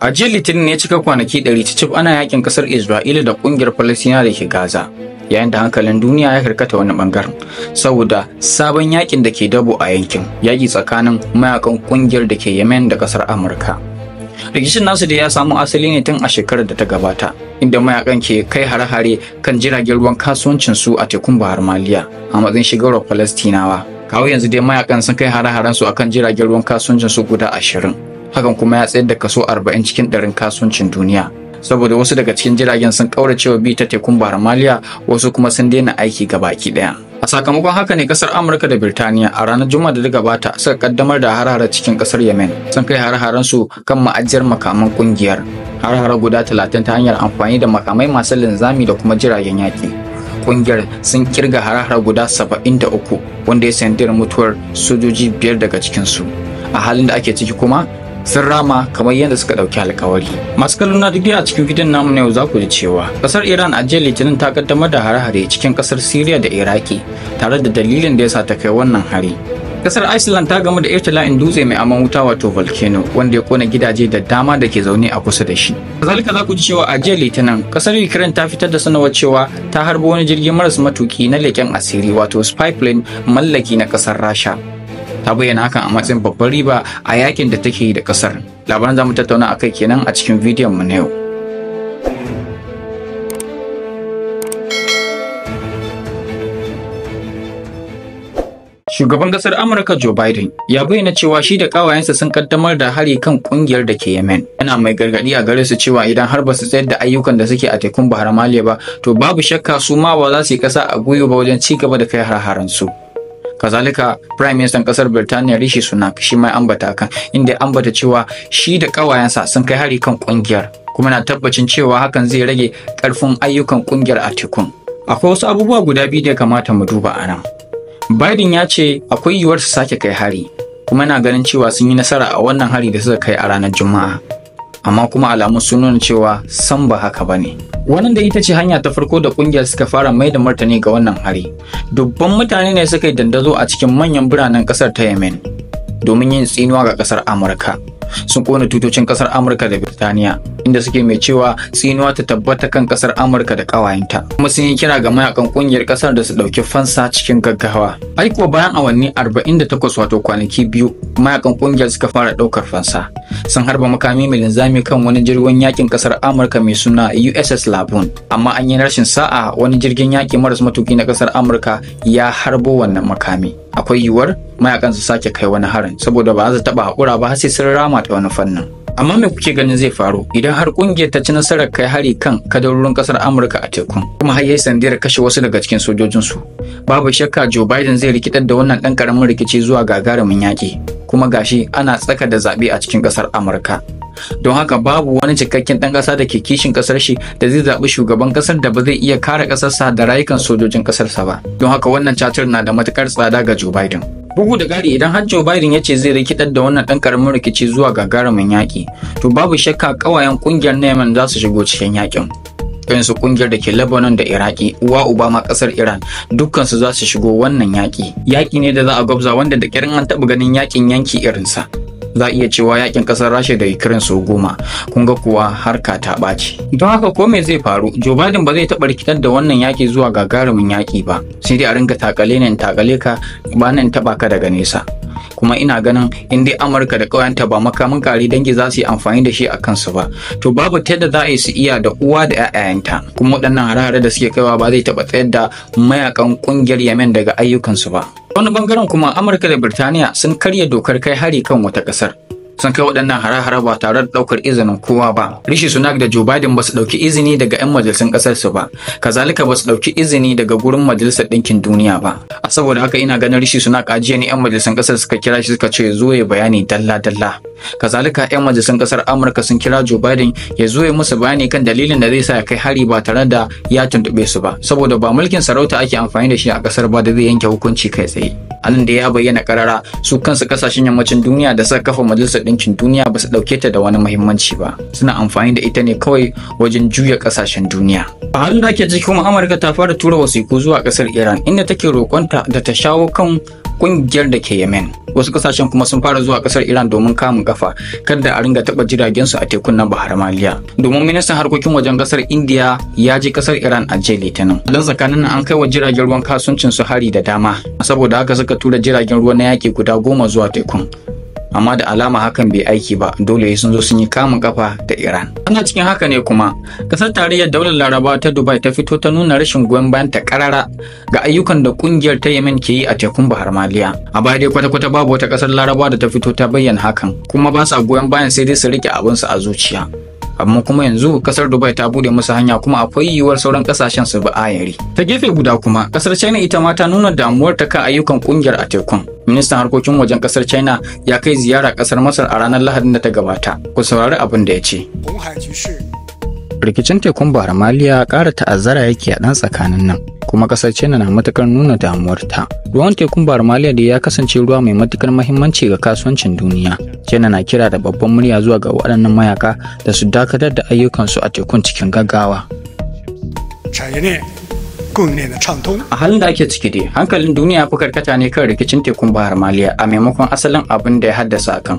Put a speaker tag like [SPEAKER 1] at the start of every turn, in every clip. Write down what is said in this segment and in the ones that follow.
[SPEAKER 1] A jiya Litinin ne cika kwanaki ɗari ta cif ana yakin ƙasar Isra'ila da ƙungiyar Falasina da ke Gaza, yayin da hankalin duniya ya karkata wani bangaren saboda sabon yakin da ke dabo a yankin, yaki tsakanin mayakan ƙungiyar da ke Yemen da ƙasar Amurka. Rikicin nasu da ya samu asali ne tun a shekarar da ta gabata, inda mayakan ke kai hare-hare kan jiragen ruwan kasuwancin su a tekun Bahar Maliya a matsayin shigarwar Falastinawa. Kawo yanzu dai mayakan sun kai hare-haren su akan jiragen ruwan kasuwancin su guda ashirin. hakan kuma ya tsayar da kaso 40 cikin ɗarin kasuwancin duniya saboda wasu daga cikin jiragen sun kauracewa bi ta tekun baramaliya wasu kuma sun daina aiki ga baki ɗaya. a sakamakon haka ne kasar amurka da birtaniya a ranar juma'a da ta gabata suka kaddamar da harhara cikin kasar yemen sun kai harharen su kan ma'ajiyar makaman kungiyar harhara guda talatin ta hanyar amfani da makamai masu linzami da kuma jiragen yaki kungiyar sun kirga harhara guda uku, wanda ya sandiyar mutuwar sojoji biyar daga cikinsu a halin da ake ciki kuma sun rama kamar yadda suka ɗauki alkawari. Masu kallon na digiri a cikin gidan namu na yau za ku ji cewa ƙasar Iran a jiya Litinin ta kaddamar da hare-hare cikin ƙasar Siriya da Iraki tare da dalilin da ya sa ta kai wannan hari. kasar iceland ta gamu da irtila'in dutse mai aman wuta wato volcano wanda ya kona gidaje da dama da ke zaune a kusa da shi kazalika za ku ji cewa a jiya litinin kasar ukraine ta fitar da sanarwar cewa ta harba wani jirgin maras matuki na leken asiri wato spy plane mallaki na kasar rasha ta bayyana hakan a matsayin babbar riba a yakin da take yi da kasar labaran zamu tattauna akai kenan a cikin bidiyon mu na yau Shugaban kasar Amurka Joe Biden ya bayyana cewa shi da kawayensa sun kaddamar da hari kan kungiyar da ke Yemen. Yana mai gargadi a gare su cewa idan har ba su tsayar da ayyukan da suke a tekun Bahar Maliya ba, to babu shakka su ma ba za su yi ƙasa a guyu ba wajen ci gaba da kai har-haren su. kazalika prime minister kasar birtaniya rishi sunak shi mai ambata kan inda ya ambata cewa shi da kawayensa sun kai hari kan kungiyar kuma na tabbacin cewa hakan zai rage karfin ayyukan kungiyar a tekun akwai wasu abubuwa guda biyu da ya kamata mu duba a nan biden ya ce akwai yiwuwar su sake kai hari kuma na ganin cewa sun yi nasara a wannan hari da suka kai a ranar juma'a amma kuma alamu sun nuna cewa san ba haka ba ne. Wannan da ita ce hanya ta farko da kungiyar suka fara mai da martani ga wannan hari. Dubban mutane ne suka yi dandazo a cikin manyan biranen kasar ta Yemen domin yin tsinuwa ga kasar Amurka. sun kona tutocin kasar amurka da birtaniya inda suke mai cewa tsinuwa ta tabbata kan kasar amurka da kawayenta kuma sun yi kira ga mayakan kungiyar kasar da su dauki fansa cikin gaggawa ai kuwa bayan awanni 48 wato kwanaki biyu mayakan kungiyar suka fara daukar fansa sun harba makami mai linzami kan wani jirgin yakin kasar amurka mai suna uss labun amma an yi rashin sa'a wani jirgin yaki maras matuki na kasar amurka ya harbo wannan makami akwai yiwuwar mayakan su sake kai wani harin saboda ba za su taba hakura ba har sai sun rama ta wani fannin amma me kuke ganin zai faru idan har kungiyar ta ci nasarar kai hari kan kadarorin kasar amurka a tekun kuma har yayi sandiyar kashe wasu daga cikin sojojin su babu shakka joe biden zai rikitar da wannan dan karamin rikici zuwa gagarumin yaki. kuma gashi ana tsaka da zaɓe a cikin kasar amurka don haka babu wani cikakken ɗan ƙasa da ke kishin kasar shi da zai zaɓi shugaban ƙasar da ba zai iya kare ƙasarsa da rayukan sojojin ƙasarsa ba don haka wannan cacar na da matuƙar tsada ga Joe Biden. Bugu da gari idan har Joe Biden ya ce zai rikidar da wannan dan karamin rikici zuwa gagarumin yaƙi, to babu shakka ƙawayen ƙungiyar Neman za su shigo cikin yaƙin. su kungiyar da ke Lebanon da Iraki, uwa uba ma kasar Iran, dukkansu za su shigo wannan yaƙi. Yaƙi ne da za a gwabza wanda da ƙirin an taɓa ganin yaƙin yanki irinsa. za a iya cewa yakin kasar rasha da ukraine sau goma kun ga kuwa harka ta ɓaci don haka ko me zai faru joe biden ba zai taɓa rikitar da wannan yaki zuwa gagarumin yaki ba sai dai a ringa takale nan takale ka ba nan taɓa ka daga nesa kuma ina ganin in dai amurka da ta ba makamin kare dangi za su yi amfani da shi a kansu ba to babu ta yadda za a yi su iya da uwa da 'ya'yanta kuma waɗannan hare-hare da suke kaiwa ba zai taɓa tsayar da mayakan ƙungiyar yamen daga ayyukansu ba wani bangaren kuma Amurka da Birtaniya sun karya dokar kai hari kan wata ƙasar. sun kai waɗannan hare-hare ba tare da ɗaukar izinin kowa ba. Rishi Sunak da Joe Biden ba su ɗauki izini daga 'yan majalisun ƙasar su ba, kazalika ba su ɗauki izini daga gurin majalisar ɗinkin duniya ba. A saboda haka ina ganin Rishi Sunak ajiye ne 'yan majalisun ƙasar suka kira shi suka ce zo ya bayani dalla-dalla. Kazalika 'yan majalisun ƙasar Amurka sun kira Joe Biden ya zo ya musu bayani kan dalilin da zai sa ya kai hari ba tare da ya tuntuɓe su ba, saboda ba mulkin sarauta ake amfani da shi a ƙasar ba da zai yanke hukunci kai tsaye. halin da ya bayyana karara su kansu kasashen yammacin duniya da suka kafa majalisar ɗinkin duniya ba su ɗauke ta da wani muhimmanci ba suna amfani da ita ne kawai wajen juya kasashen duniya a halin da ake ciki kuma amurka ta fara tura wasiku zuwa kasar iran inda take roƙonta da ta shawo kan kungiyar da ke yemen wasu kasashen kuma sun fara zuwa kasar Iran domin kamun kafa kada a ringa taba jiragen su a tekun na Bahar Maliya. Domin ministan harkokin wajen kasar India ya je kasar Iran a jiya Litinin. Dan tsakanin an kai wa jiragen ruwan kasuwancin su hari da dama saboda haka suka tura jiragen ruwa na yaki guda goma zuwa tekun amma da alama hakan bai aiki ba dole sun zo sun yi kamun kafa da iran ana cikin haka ne kuma kasar tarayyar daular laraba ta dubai ta fito ta nuna rashin goyon bayan ta karara ga ayyukan da kungiyar ta yemen ke yi a tekun bahar maliya a baya dai kwata-kwata babu wata kasar laraba da ta fito ta bayyana hakan kuma ba sa goyon bayan sai dai su rike abinsu a zuciya amma kuma yanzu kasar Dubai ta bude musu hanya kuma akwai yiwuwar sauran kasashen su bi ayari. Ta gefe guda kuma kasar China ita ma ta nuna damuwar ta kan ayyukan kungiyar a tekun. Ministan harkokin wajen kasar China ya kai ziyara kasar Masar a ranar Lahadin da ta gabata. Ku saurari abin da ya ce. rikicin tekun bahar ƙara ta'azzara yake a ɗan tsakanin nan kuma ƙasar china na matuƙar nuna damuwarta ruwan tekun bahar maliya da ya kasance ruwa mai matuƙar mahimmanci ga kasuwancin duniya china na kira da babban murya zuwa ga waɗannan mayaka da su dakatar da ayyukansu a tekun cikin gaggawa tekun ne na A halin da ake ciki dai, hankalin duniya fi karkata ne kan rikicin tekun Bahar Maliya a maimakon asalin abin da ya haddasa akan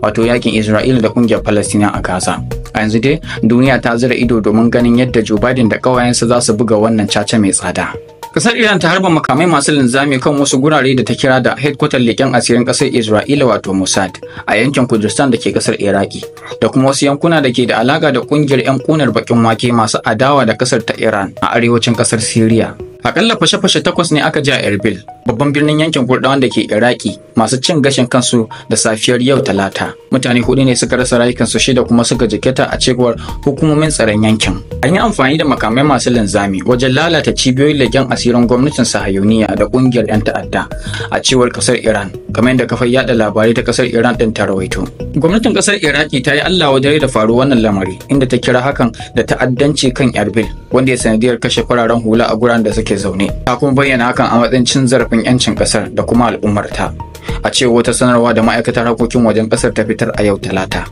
[SPEAKER 1] wato yakin Isra'ila da kungiyar Falastina a Gaza. A yanzu dai, duniya ta zira ido domin ganin yadda Joe Biden da ƙawayensa za su buga wannan caca mai tsada. Kasar Iran ta harba makamai masu linzami kan wasu gurare da ta kira da headquarter leken asirin ƙasar Isra'ila wato Mossad a yankin Kurdistan da ke ƙasar Iraki da kuma wasu yankuna da ke da alaƙa da ƙungiyar 'yan ƙunar baƙin wake masu adawa da ƙasar ta Iran a arewacin ƙasar Syria. Akalla fashe-fashe takwas ne aka ji a Erbil, babban birnin yankin Kurdawan da ke Iraki masu cin gashin kansu da safiyar yau Talata. Mutane hudu ne suka rasa rayukansu shida kuma suka jikita a cewar hukumomin tsaron yankin. An yi amfani da makamai masu linzami wajen lalata cibiyoyin legen asirin gwamnatin Sahayuniya da kungiyar 'yan ta'adda a cewar kasar Iran, kamar yadda kafar yada labarai ta kasar Iran din ta rawaito. Gwamnatin kasar Iraki ta yi Allah wajen da faru wannan lamari inda ta kira hakan da ta'addanci kan Erbil wanda ya sanadiyar kashe fararen hula a guraren da suke zaune. Ta kuma bayyana hakan a matsayin cin zarafin neman 'yancin ƙasar da kuma al'ummarta a cewa wata sanarwa da ma'aikatar harkokin wajen ƙasar ta fitar a yau talata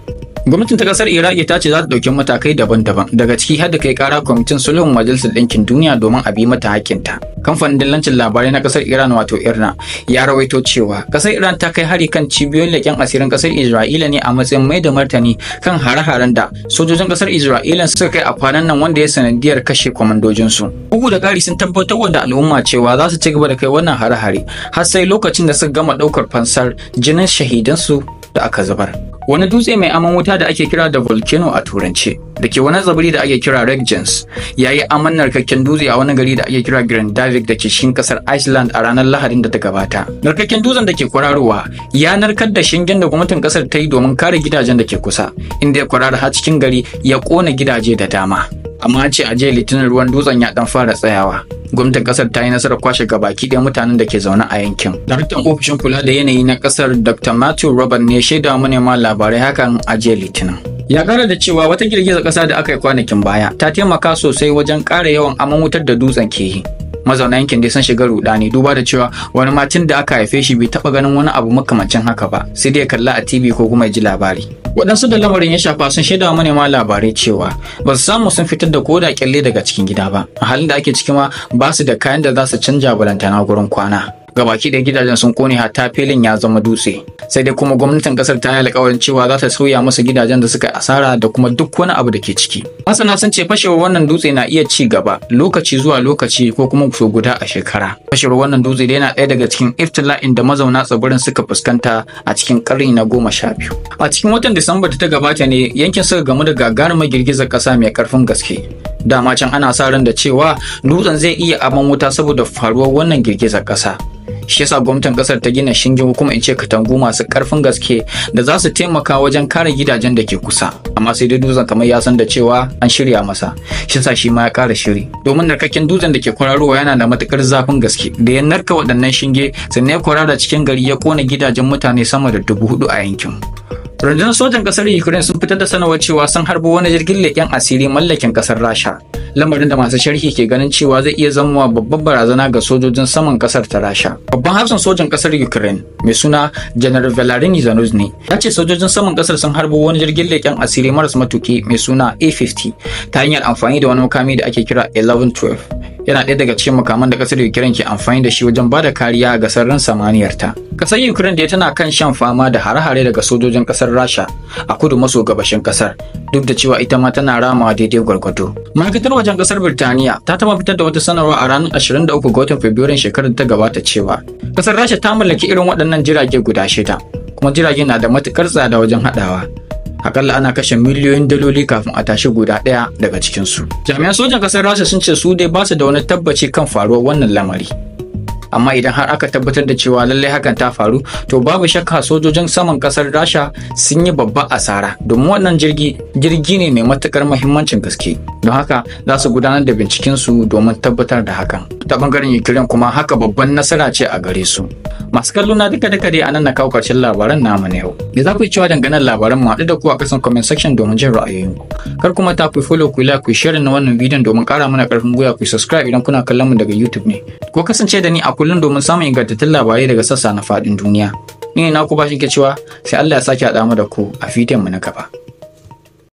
[SPEAKER 1] Gwamnatin ta kasar Iraki ta ce za ta ɗauki matakai daban-daban daga ciki har da kai kara kwamitin sulhun majalisar ɗinkin duniya domin a bi mata hakinta. Kamfanin dillancin labarai na kasar Iran wato Irna ya rawaito cewa kasar Iran ta kai hari kan cibiyoyin leƙen asirin kasar Isra'ila ne a matsayin mai da martani kan hare-haren da sojojin kasar Isra'ila suka kai a kwanan nan wanda ya sanadiyar kashe kwamandojinsu. Bugu da ƙari sun tabbatar da al'umma cewa za su ci gaba da kai wannan hare-hare har sai lokacin da suka gama ɗaukar fansar jinin shahidansu da aka zubar. Wani dutse mai aman wuta da ake kira da volcano a turance, da ke wani tsibiri da ake kira Reggens, ya yi aman narkakken dutse a wani gari da ake kira Davik da ke shin kasar Iceland a ranar Lahadin da ta gabata. Narkakken dutsen da ke kwararowa ya narkar da shingen da gwamnatin kasar ta yi domin kare gidajen da ke kusa, inda ya kwarara har cikin gari ya kona gidaje da dama. Amma ce a jiya litinin ruwan dutsen ya dan fara tsayawa. gwamnatin kasar ta yi nasarar kwashe gabaki ɗaya mutanen da ke zaune a yankin daraktan ofishin kula da yanayi na kasar dr matthew robert ne shaida manema labarai hakan a jiya litinin ya kara da cewa wata girgizar kasa da aka yi kwanakin baya ta taimaka sosai wajen ƙara yawan aman wutar da dutsen ke yi mazauna yankin dai sun shiga rudani duba da cewa wani matin da aka haife shi bai taɓa ganin wani abu makamancin haka ba sai dai kalla a tv ko kuma ya ji labari waɗansu da lamarin ya shafa sun shaida manema labarai cewa ba su samu sun fitar da koda kyalle daga cikin gida ba a halin da ake ciki ma ba su da kayan da za su canja balantana gurin kwana gabaki da gidajen sun kone hatta filin ya zama dutse sai dai kuma gwamnatin kasar ta yi alƙawarin cewa za ta sauya masa gidajen da suka asara da kuma duk wani abu da ke ciki masana sun ce fashewar wannan dutse na iya ci gaba lokaci zuwa lokaci ko kuma so guda a shekara fashewar wannan dutse dai na ɗaya daga cikin iftila'in da mazauna tsibirin suka fuskanta a cikin ƙarni na goma sha biyu a cikin watan disamba da ta gabata ne yankin suka gamu da gagarumar girgizar ƙasa mai ƙarfin gaske dama can ana sa ran da cewa dutsen zai iya aman wuta saboda faruwar wannan girgizar ƙasa shi yasa gwamnatin kasar ta gina shingen kuma in ce katangu masu karfin gaske da za su taimaka wajen kare gidajen da ke kusa amma sai dai dutsen kamar ya san da cewa an shirya masa shi yasa shi ma ya kara shiri domin narkakin dutsen da ke kwararowa yana da matukar zafin gaske da ya narka waɗannan shinge sannan ya kwarara cikin gari ya kona gidajen mutane sama da dubu hudu a yankin rundunar sojan kasar ukraine sun fitar da sanarwar cewa sun harbo wani jirgin leken asiri mallakin kasar rasha lamarin da masu sharhi ke ganin cewa zai iya zama babbar barazana ga sojojin saman kasar ta rasha babban hafsan sojan kasar ukraine mai suna general Valeriy zanuzny ya ce sojojin saman kasar sun harbo wani jirgin leken asiri maras matuki mai suna a50 ta hanyar amfani da wani makami da ake kira 1112 yana ɗaya daga cikin makaman da kasar Ukraine ke amfani da shi wajen ba da kariya ga sararin samaniyarta. Ƙasar Ukraine da tana kan shan fama da hare-hare daga sojojin kasar ƙasar Rasha a kudu maso gabashin ƙasar duk da cewa ita ma tana ramawa daidai gwargwado. Ma'aikatar wajen ƙasar Birtaniya ta taba fitar da wata sanarwa a ranar 23 ga watan Fabrairun shekarar da ta gabata cewa ƙasar Rasha ta mallaki irin waɗannan jirage guda shida kuma jirage na da matuƙar tsada wajen haɗawa. akalla ana kashe miliyoyin daloli kafin a tashi guda ɗaya daga cikinsu. Jami'an sojan ƙasar Rasha sun ce su dai ba su da wani tabbaci kan faruwar wannan lamari. amma idan har aka tabbatar da cewa lallai hakan ta faru to babu shakka sojojin saman kasar rasha sun yi babba asara domin wannan jirgi jirgi ne mai matukar mahimmancin gaske don haka za su gudanar da binciken su domin tabbatar da hakan ta bangaren ukraine kuma haka babban nasara ce a gare su masu kallo na duka duka dai anan na kawo karshen labaran namu na yau me za ku yi cewa dangane labaran mu haɗu da ku a kasan comment section domin jin ra'ayoyinku kar kuma ta ku follow ku like ku share na wannan bidiyon domin ƙara mana ƙarfin gwiwa ku subscribe idan kuna kallon mu daga youtube ne ko kasance da ni a kullum domin samun ingantattun labarai daga sassa na faɗin duniya. Ni na ku bashi ke cewa sai Allah ya sake haɗa mu da ku a fitan mu na gaba.